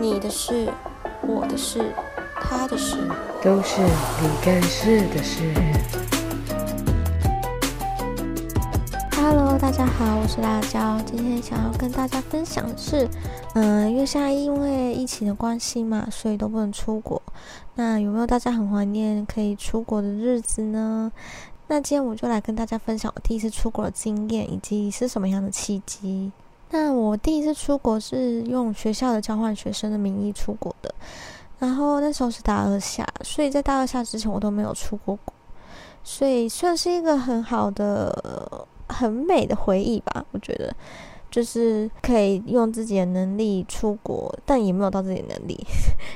你的事，我的事，他的事，都是你幹事的事。Hello，大家好，我是辣椒。今天想要跟大家分享的是，嗯、呃，因為現在因為疫情的關係嘛，所以都不能出國。那有沒有大家很懷念可以出國的日子呢？那今天我就來跟大家分享我第一次出國的經驗，以及是什麼樣的契機。那我第一次出國是用學校的交換學生的名義出國的，然後那時候是大二下，所以在大二下之前我都沒有出過國，所以算是一個很好的、很美的回憶吧。我覺得就是可以用自己的能力出國，但也沒有到自己的能力，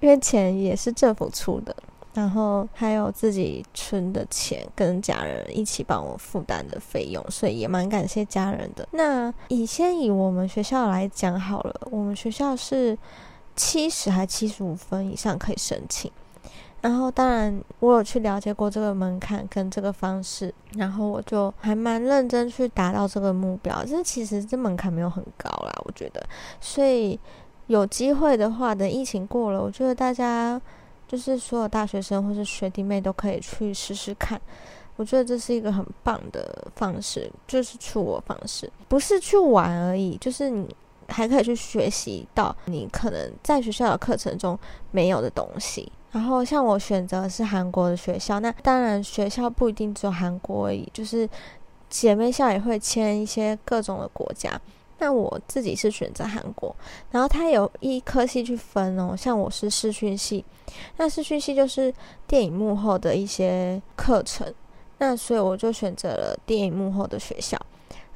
因為錢也是政府出的。然後還有自己存的錢，跟家人一起幫我負擔的費用，所以也蠻感謝家人的。那以前以我們學校來講好了，我們學校是七十還七十五分以上可以申請。然後當然我有去了解過這個門檻跟這個方式，然後我就還蠻認真去達到這個目標。這其實這門檻沒有很高啦，我覺得。所以有機會的話，等疫情過了，我覺得大家。就是所有大學生或是學弟妹都可以去試試看，我覺得這是一個很棒的方式，就是出國方式，不是去玩而已，就是你還可以去學習到你可能在學校的課程中沒有的東西。然後像我選擇的是韓國的學校，那當然學校不一定只有韓國而已，就是姐妹校也會簽一些各種的國家。那我自己是選擇韓國，然後它有一科系去分哦，像我是視訊系，那視訊系就是電影幕後的一些課程，那所以我就選擇了電影幕後的學校，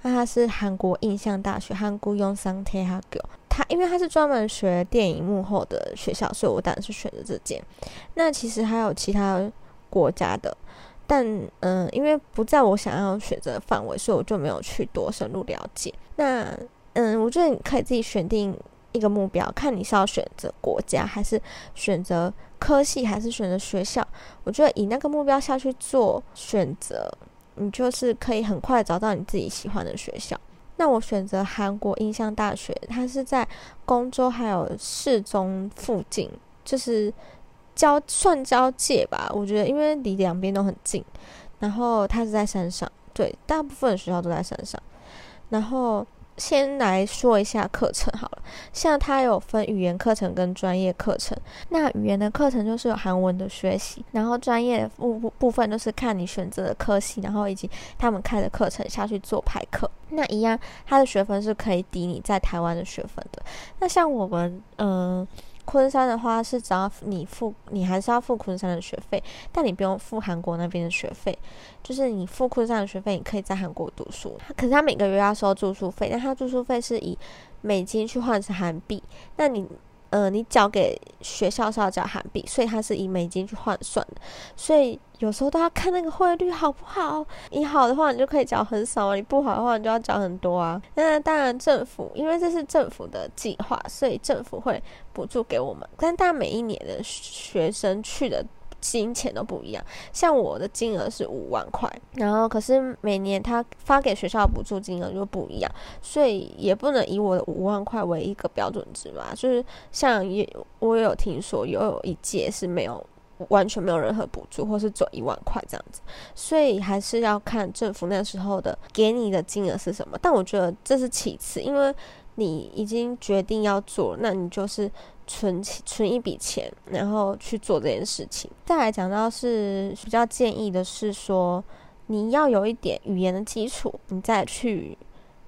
那它是韓國印象大學和雇傭桑貼哈狗。它因為它是專門學電影幕後的學校，所以我當然是選擇這間。那其實還有其他國家的。但嗯，因為不在我想要選擇的範圍，所以我就沒有去多深入了解。那嗯，我覺得你可以自己選定一個目標，看你是要選擇國家，還是選擇科系，還是選擇學校。我覺得以那個目標下去做選擇，你就是可以很快找到你自己喜歡的學校。那我選擇韓國映像大學，它是在公州還有世宗附近，就是。交算交界吧，我覺得因為離兩邊都很近，然後他是在山上，對，大部分的學校都在山上。然後先來說一下課程好了，像他有分語言課程跟專業課程。那語言的課程就是有韓文的學習，然後專業部部部分就是看你選擇的科系，然後以及他們開的課程下去做排課。那一樣，他的學分是可以抵你在台灣的學分的。那像我們，嗯、呃。昆山的話是只要你付，你還是要付昆山的學費，但你不用付韓國那邊的學費。就是你付昆山的學費，你可以在韓國讀書。可是他每個月要收住宿費，但他住宿費是以美金去換成韓幣。那你，呃，你交給學校是要交韓幣，所以他是以美金去換算的，所以。有時候都要看那個匯率好不好，你好的話你就可以繳很少啊，你不好的話你就要繳很多啊。那當然政府，因為這是政府的計劃，所以政府會補助給我們。但大家每一年的學生去的金錢都不一樣，像我的金額是五萬塊，然後可是每年他發給學校的補助金額就不一樣，所以也不能以我的五萬塊為一個標準值嘛。就是像也我也有聽說有，有一屆是沒有。完全沒有任何補助，或是賺一萬塊這樣子，所以還是要看政府那時候的給你的金額是什麼。但我覺得這是其次，因為你已經決定要做，那你就是存存一筆錢，然後去做這件事情。再來講到是比較建議的是說，你要有一點語言的基礎，你再去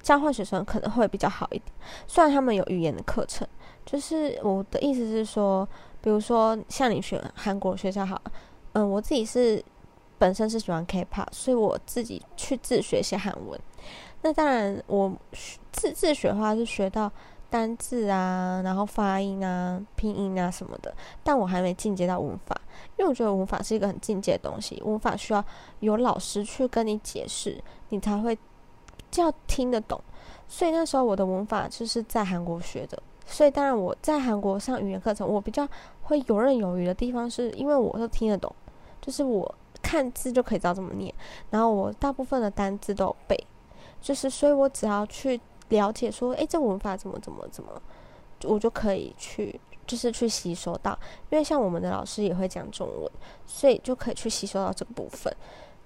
交換學生可能會比較好一點。雖然他們有語言的課程，就是我的意思是說。比如說，像你學韓國學校好，嗯，我自己是本身是喜歡 K-pop，所以我自己去自學一些韓文。那當然，我自自學的話是學到單字啊，然後發音啊、拼音啊什麼的。但我還沒進階到文法，因為我覺得文法是一個很進階的東西，文法需要有老師去跟你解釋，你才會就要聽得懂。所以那時候我的文法就是在韓國學的。所以，當然我在韓國上語言課程，我比較會游刃有餘的地方，是因為我都聽得懂，就是我看字就可以知道怎麼念，然後我大部分的單字都有背，就是所以我只要去了解說，誒這文法怎麼怎麼怎麼，我就可以去就是去吸收到，因為像我們的老師也會講中文，所以就可以去吸收到這個部分。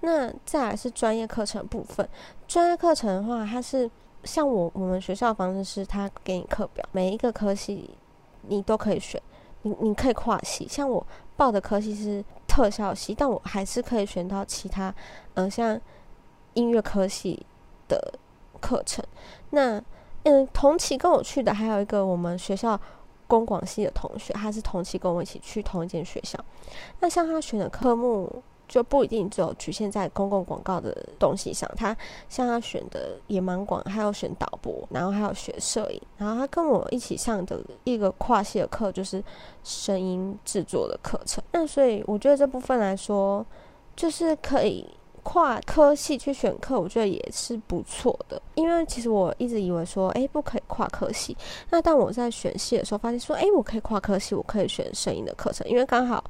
那再來是專業課程部分，專業課程的話，它是。像我，我們學校方式是，他給你課表，每一個科系你都可以選，你你可以跨系。像我報的科系是特效系，但我還是可以選到其他，嗯、呃，像音樂科系的課程。那嗯，同期跟我去的還有一個我們學校公廣系的同學，他是同期跟我一起去同一間學校。那像他選的科目。就不一定只有局限在公共廣告的東西上，他像他選的也蠻廣，他要選導播，然後還有學攝影，然後他跟我一起上的一個跨系的課就是聲音制作的課程。那所以我覺得這部分來說，就是可以跨科系去選課，我覺得也是不錯的。因為其實我一直以為說，哎、欸，不可以跨科系。那當我在選系的時候發現說，哎、欸，我可以跨科系，我可以選聲音的課程，因為剛好。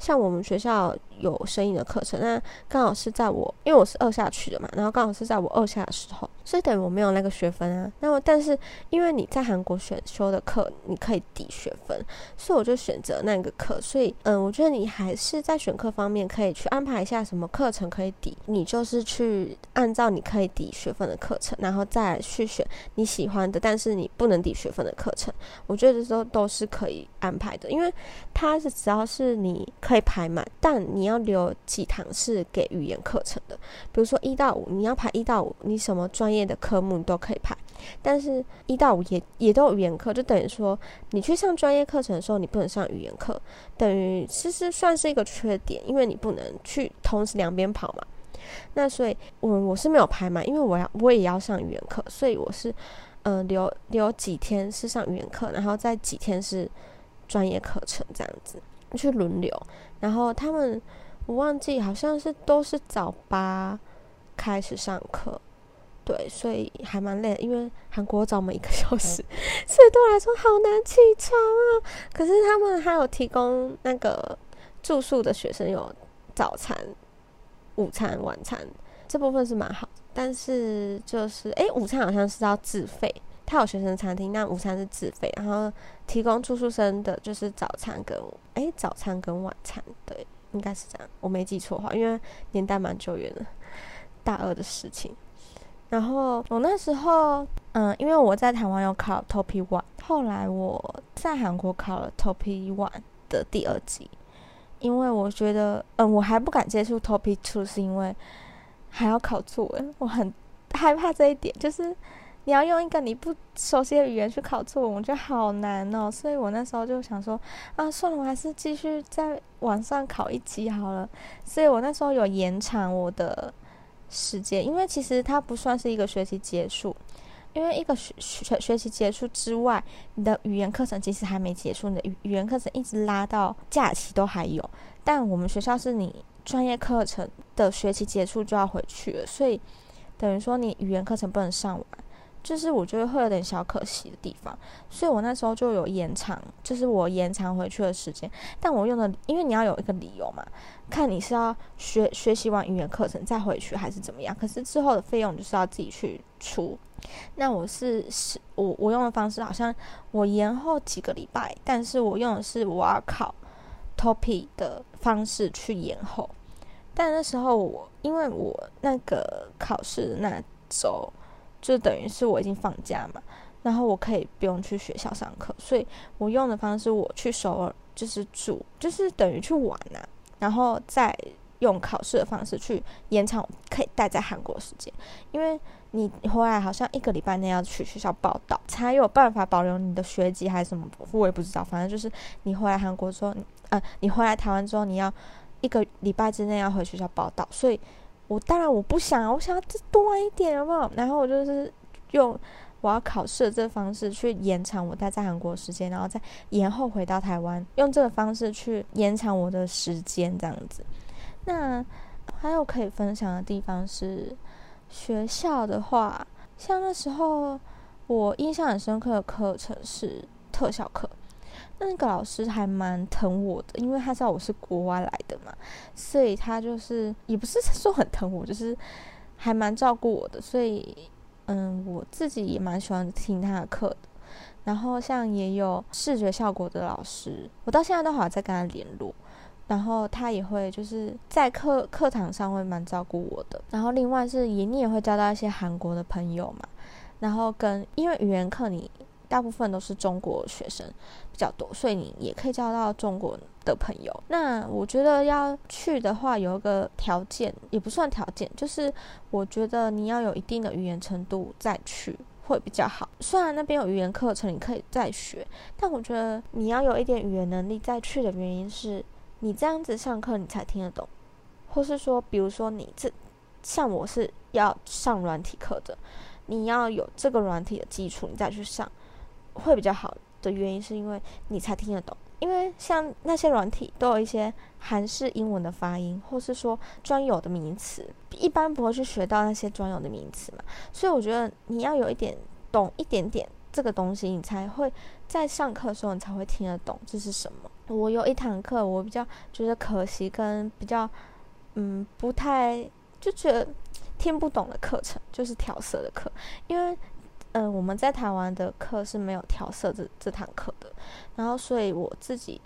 像我們學校有聲音的課程，那剛好是在我，因為我是二下去的嘛，然後剛好是在我二下的時候，所以等於我沒有那個學分啊。那麼，但是因為你在韓國選修的課，你可以抵學分，所以我就選擇那個課。所以，嗯，我覺得你還是在選課方面可以去安排一下，什麼課程可以抵，你就是去按照你可以抵學分的課程，然後再來去選你喜歡的，但是你不能抵學分的課程，我覺得這都是可以安排的，因為它是只要是你。可以排滿，但你要留幾堂是給語言課程的。比如說一到五，你要排一到五，你什麼專業的科目你都可以排，但是一到五也也都有語言課，就等於說你去上專業課程的時候，你不能上語言課，等於其實算是一個缺點，因為你不能去同時兩邊跑嘛。那所以我，我我是沒有排滿，因為我要我也要上語言課，所以我是嗯、呃、留留幾天是上語言課，然後再幾天是專業課程這樣子。去輪流，然後他們我忘記好像是都是早八開始上課，對，所以還蠻累的，因為韓國早每一個小時、嗯，所以 對我來說好難起床啊。可是他們還有提供那個住宿的學生有早餐、午餐、晚餐，這部分是蠻好，但是就是哎、欸，午餐好像是要自費。他有學生餐廳，那午餐是自費，然後提供住宿生的就是早餐跟誒，早餐跟晚餐，對，應該是這樣，我沒記錯的話，因為年代蠻久遠的，大二的事情。然後我那時候，嗯，因為我在台灣有考 TOPIK One，後來我在韓國考了 TOPIK One 的第二級，因為我覺得，嗯，我還不敢接觸 TOPIK Two，是因為還要考作文，我很害怕這一點，就是。你要用一個你不熟悉的語言去考作文，我覺得好難哦。所以我那時候就想說，啊，算了，我還是繼續再往上考一級好了。所以我那時候有延長我的時間，因為其實它不算是一個學期結束，因為一個學學學期結束之外，你的語言課程其實還沒結束，你的語語言課程一直拉到假期都還有，但我們學校是你專業課程的學期結束就要回去了，所以等於說你語言課程不能上完。就是我覺得會有點小可惜的地方，所以我那時候就有延長，就是我延長回去的時間。但我用的，因為你要有一個理由嘛，看你是要學學習完語言課程再回去，還是怎麼樣。可是之後的費用就是要自己去出。那我是，我我用的方式好像我延後幾個禮拜，但是我用的是我要考 TOPIK 的方式去延後。但那時候我，因為我那個考試的那周。就等於是我已經放假嘛，然後我可以不用去學校上課，所以我用的方式，我去首爾就是住，就是等於去玩吶、啊，然後再用考試的方式去延長可以待在韓國時間。因為你回來好像一個禮拜內要去學校報到，才有辦法保留你的學籍還是什麼，我也不知道。反正就是你回來韓國之後，呃，你回來台灣之後，你要一個禮拜之內要回學校報到，所以。我當然我不想，我想要再多一點，有沒有？然後我就是用我要考試的這個方式去延長我待在韓國時間，然後再延後回到台灣，用這個方式去延長我的時間，這樣子。那還有可以分享的地方是學校的話，像那時候我印象很深刻的課程是特效課。那個老師還蠻疼我的，因為他知道我是國外來的嘛，所以他就是也不是說很疼我，就是還蠻照顧我的。所以，嗯，我自己也蠻喜歡聽他的課的。然後，像也有視覺效果的老師，我到現在都還在跟他聯絡。然後，他也會就是在課課堂上會蠻照顧我的。然後，另外是也你也會交到一些韓國的朋友嘛。然後跟，跟因為語言課你。大部分都是中國學生比較多，所以你也可以交到中國的朋友。那我覺得要去的話，有一個條件也不算條件，就是我覺得你要有一定的語言程度再去會比較好。雖然那邊有語言課程，你可以再學，但我覺得你要有一點語言能力再去的原因是，你這樣子上課你才聽得懂，或是說，比如說你這像我是要上軟體課的，你要有這個軟體的基礎，你再去上，會比較好的原因是因為你才聽得懂，因為像那些軟體都有一些韓式英文的發音，或是說專有的名詞，一般不會去學到那些專有的名詞嘛，所以我覺得你要有一點懂一點點這個東西，你才會在上課的時候你才會聽得懂這是什麼。我有一堂課，我比較覺得可惜跟比較嗯不太就覺得聽不懂的課程，就是調色的課，因為。嗯、呃，我們在台灣的課是沒有調色這這堂課的，然後所以我自己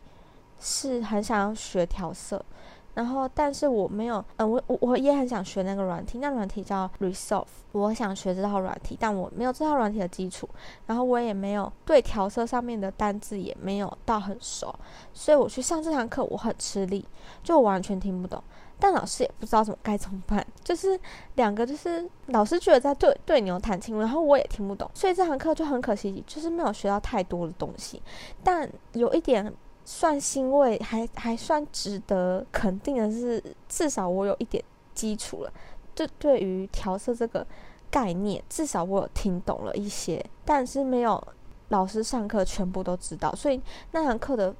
是很想要學調色，然後但是我沒有，嗯、呃，我我我也很想學那個軟體，那軟體叫 Resolve，我想學這套軟體，但我沒有這套軟體的基礎，然後我也沒有對調色上面的單字也沒有到很熟，所以我去上這堂課我很吃力，就完全聽不懂。但老師也不知道怎麼該怎麼辦，就是兩個，就是老師覺得在對對牛彈琴，然後我也聽不懂，所以這堂課就很可惜，就是沒有學到太多的東西。但有一點算欣慰，還還算值得肯定的是，至少我有一點基礎了。就對於調色這個概念，至少我有聽懂了一些，但是沒有老師上課全部都知道，所以那堂課的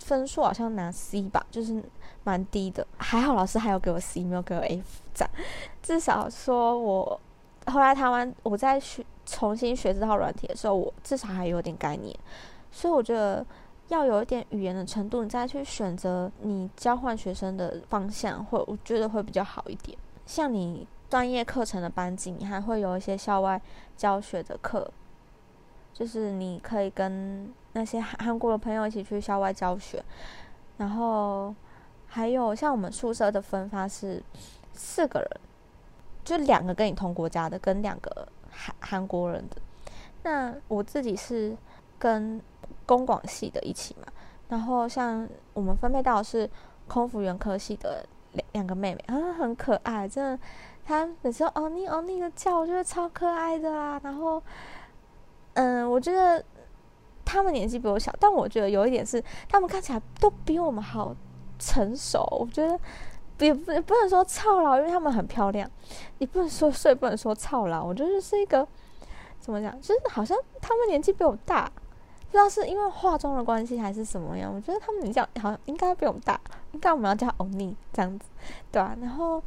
分數好像拿 C 吧，就是。蠻低的，還好老師還有給我 C，沒有給我 F，讚。至少說我後來台灣，我在學重新學這套軟體的時候，我至少還有點概念。所以我覺得要有一點語言的程度，你再去選擇你交換學生的方向會，會我覺得會比較好一點。像你專業課程的班級，你還會有一些校外教學的課，就是你可以跟那些韓國的朋友一起去校外教學，然後。還有像我們宿舍的分發是四個人，就兩個跟你同國家的，跟兩個韓韓國人的。那我自己是跟公廣系的一起嘛。然後像我們分配到是空服員科系的兩兩個妹妹，啊、嗯，很可愛，真的。她有時候哦尼哦尼的叫，我覺得超可愛的啦。然後，嗯，我覺得他們年紀比我小，但我覺得有一點是，他們看起來都比我們好成熟，我覺得也不不能說操勞，因為他們很漂亮，也不能說睡，不能說操勞。我覺得就是一個怎麼講，就是好像他們年紀比我大，不知道是因為化妝的關係還是什麼樣。我覺得他們比較好像應該比我大，應該我們要叫歐尼這樣子，對啊，然後，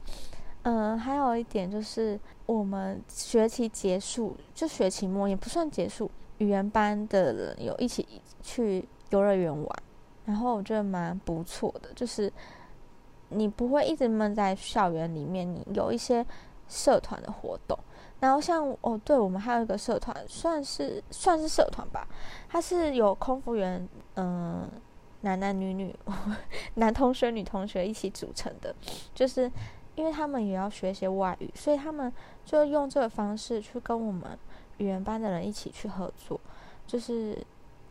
嗯、呃，還有一點就是我們學期結束，就學期末也不算結束，語言班的人有一起去遊樂園玩。然後我覺得蠻不錯的，就是你不會一直悶在校園裡面，你有一些社團的活動。然後像哦，對，我們還有一個社團，算是算是社團吧，它是由空服員，嗯、呃，男男女女，男同學、女同學一起組成的。就是因為他們也要學一些外語，所以他們就用這個方式去跟我們語言班的人一起去合作。就是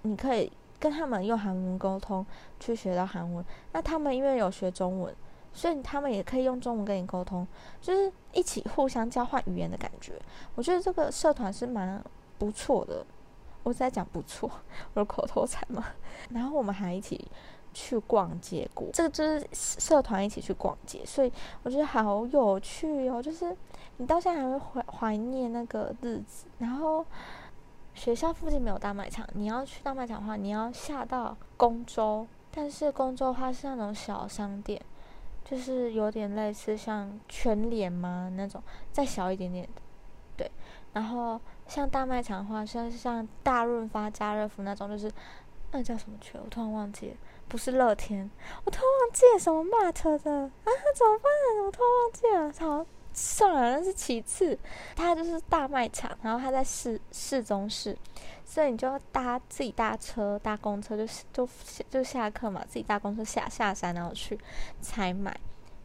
你可以。跟他們用韓文溝通，去學到韓文。那他們因為有學中文，所以他們也可以用中文跟你溝通，就是一起互相交換語言的感覺。我覺得這個社團是蠻不錯的，我在講不錯，我的口頭禪嘛。然後我們還一起去逛街過，這個就是社團一起去逛街，所以我覺得好有趣哦，就是你到現在還會懷懷念那個日子，然後。學校附近沒有大賣場，你要去大賣場的話，你要下到公州，但是公州的話是那種小商店，就是有點類似像全聯嘛那種，再小一點點的，對。然後像大賣場的話，像是像大潤發、家樂福那種，就是那叫什麼全？我突然忘記了，不是樂天，我突然忘記了什麼 mart 的啊？怎麼辦？我突然忘記了，操！算了，那是其次。它就是大賣場，然後它在市市中市，所以你就要搭自己搭車、搭公車，就就就下課嘛，自己搭公車下下山，然後去採買。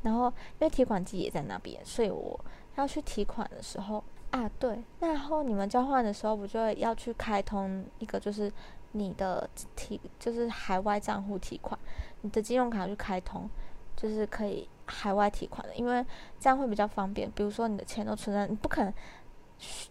然後因為提款機也在那邊，所以我要去提款的時候啊，對。然後你們交換的時候，不就要去開通一個，就是你的提，就是海外賬戶提款，你的金融卡去開通，就是可以。海外提款的，因為這樣會比較方便。比如說，你的錢都存在，你不可能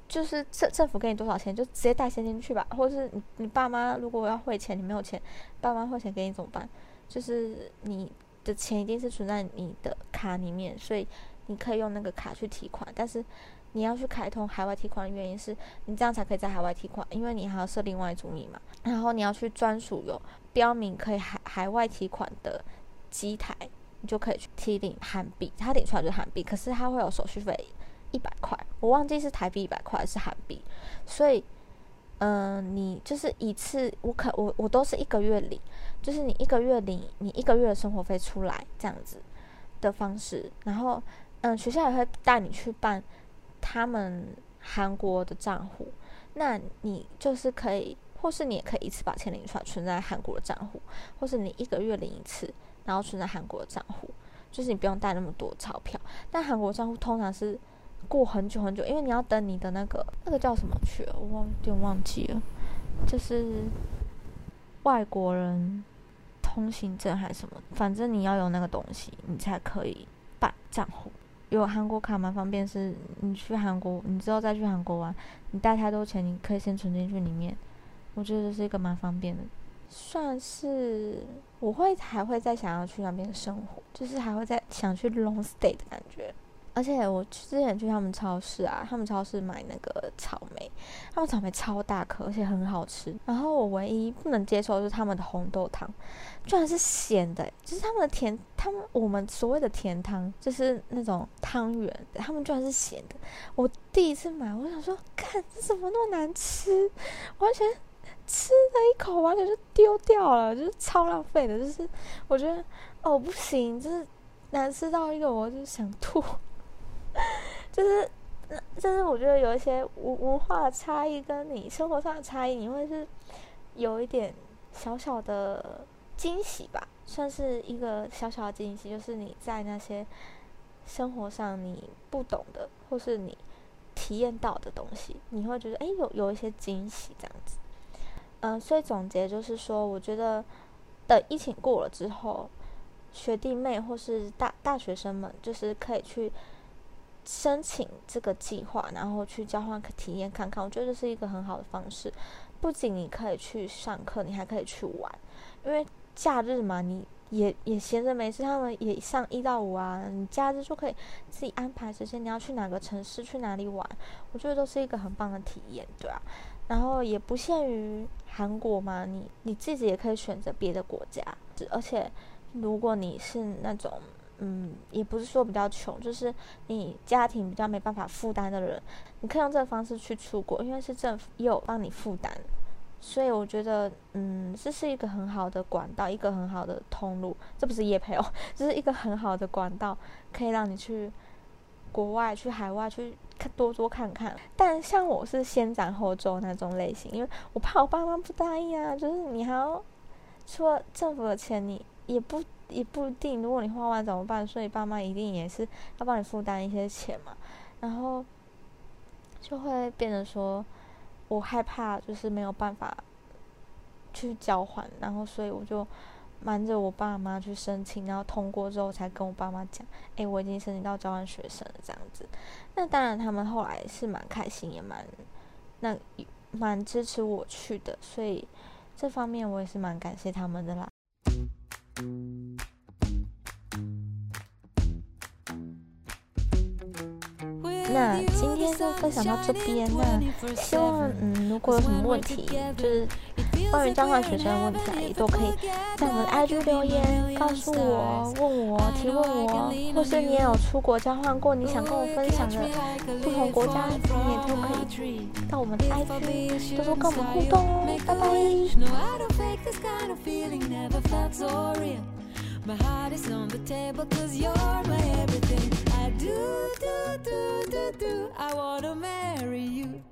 就是政政府給你多少錢就直接帶現金去吧。或是你你爸媽如果要匯錢，你沒有錢，爸媽匯錢給你怎麼辦？就是你的錢一定是存在你的卡裡面，所以你可以用那個卡去提款。但是你要去開通海外提款的原因是，你這樣才可以在海外提款，因為你還要設另外一組密碼嘛。然後你要去專屬有標明可以海海外提款的機台。你就可以去提領韓幣，它領出來就是韓幣，可是它會有手續費一百塊，我忘記是台幣一百塊還是韓幣。所以，嗯、呃，你就是一次，我可我我都是一個月領，就是你一個月領你一個月的生活費出來這樣子的方式，然後，嗯，學校也會帶你去辦他們韓國的賬戶，那你就是可以，或是你也可以一次把錢領出來存在韓國的賬戶，或是你一個月領一次。然後存在韓國的賬戶，就是你不用帶那麼多鈔票。但韓國賬戶通常是過很久很久，因為你要等你的那個那個叫什麼去了，我有點忘記了，就是外國人通行證還是什麼？反正你要有那個東西，你才可以辦賬戶。有韓國卡蠻方便，是，你去韓國，你之後再去韓國玩，你帶太多錢，你可以先存進去裡面。我覺得這是一個蠻方便的。算是我會還會再想要去那邊生活，就是還會再想去 long stay 的感覺。而且我去之前去他們超市啊，他們超市買那個草莓，他們草莓超大顆，而且很好吃。然後我唯一不能接受是他們的紅豆湯，居然是鹹的。就是他們的甜，他們我們所謂的甜湯，就是那種湯圓，他們居然是鹹的。我第一次買，我想說，看這怎麼那麼難吃，完全。吃了一口，完全就丟掉了，就是超浪費的。就是我覺得哦，不行，就是難吃到一個，我就想吐。 就是，就是我覺得有一些文文化差異跟你生活上的差異，你會是有一點小小的驚喜吧？算是一個小小的驚喜，就是你在那些生活上你不懂的，或是你體驗到的東西，你會覺得哎、欸，有有一些驚喜這樣子。嗯，所以總結就是說，我覺得等疫情過了之後，學弟妹或是大大學生們，就是可以去申請這個計劃，然後去交換體驗看看。我覺得這是一個很好的方式，不僅你可以去上課，你還可以去玩。因為假日嘛，你也也閒着沒事，他們也上一到五啊，你假日就可以自己安排時間，你要去哪個城市，去哪裡玩，我覺得都是一個很棒的體驗，對啊。然後也不限於韓國嘛，你你自己也可以選擇別的國家。而且，如果你是那種，嗯，也不是說比較窮，就是你家庭比較沒辦法負擔的人，你可以用這個方式去出國，因為是政府也有幫你負擔。所以我覺得，嗯，這是一個很好的管道，一個很好的通路。這不是業配哦，這是一個很好的管道，可以讓你去。國外去，海外去多多看看，但像我是先斬後奏那種類型，因為我怕我爸媽不答應啊。就是你還要除了政府的錢，你也不，也不一定，如果你花完怎麼辦？所以爸媽一定也是要幫你負擔一些錢嘛，然後就會變得說，我害怕就是沒有辦法去交換，然後所以我就。瞞着我爸媽去申請，然後通過之後才跟我爸媽講，哎、欸，我已經申請到交換學生了這樣子。那當然，他們後來是蠻開心，也蠻那蠻支持我去的，所以這方面我也是蠻感謝他們的啦。嗯、那今天就分享到這邊，那、欸、希望嗯，如果有什麼問題就是。關於交換學生的問題啊，也都可以在我們的 IG 留言告訴我、問我、提問我，或是你也有出國交換過，你想跟我分享的不同國家的經驗，都可以到我們的 IG 多多跟我們互動哦。拜拜。